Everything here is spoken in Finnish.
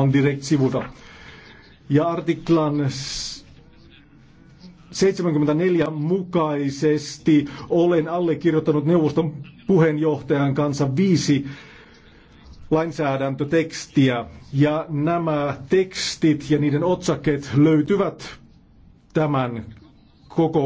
on direkt-sivulta. Ja artiklan 74 mukaisesti olen allekirjoittanut neuvoston puheenjohtajan kanssa viisi lainsäädäntötekstiä. Ja nämä tekstit ja niiden otsakkeet löytyvät tämän koko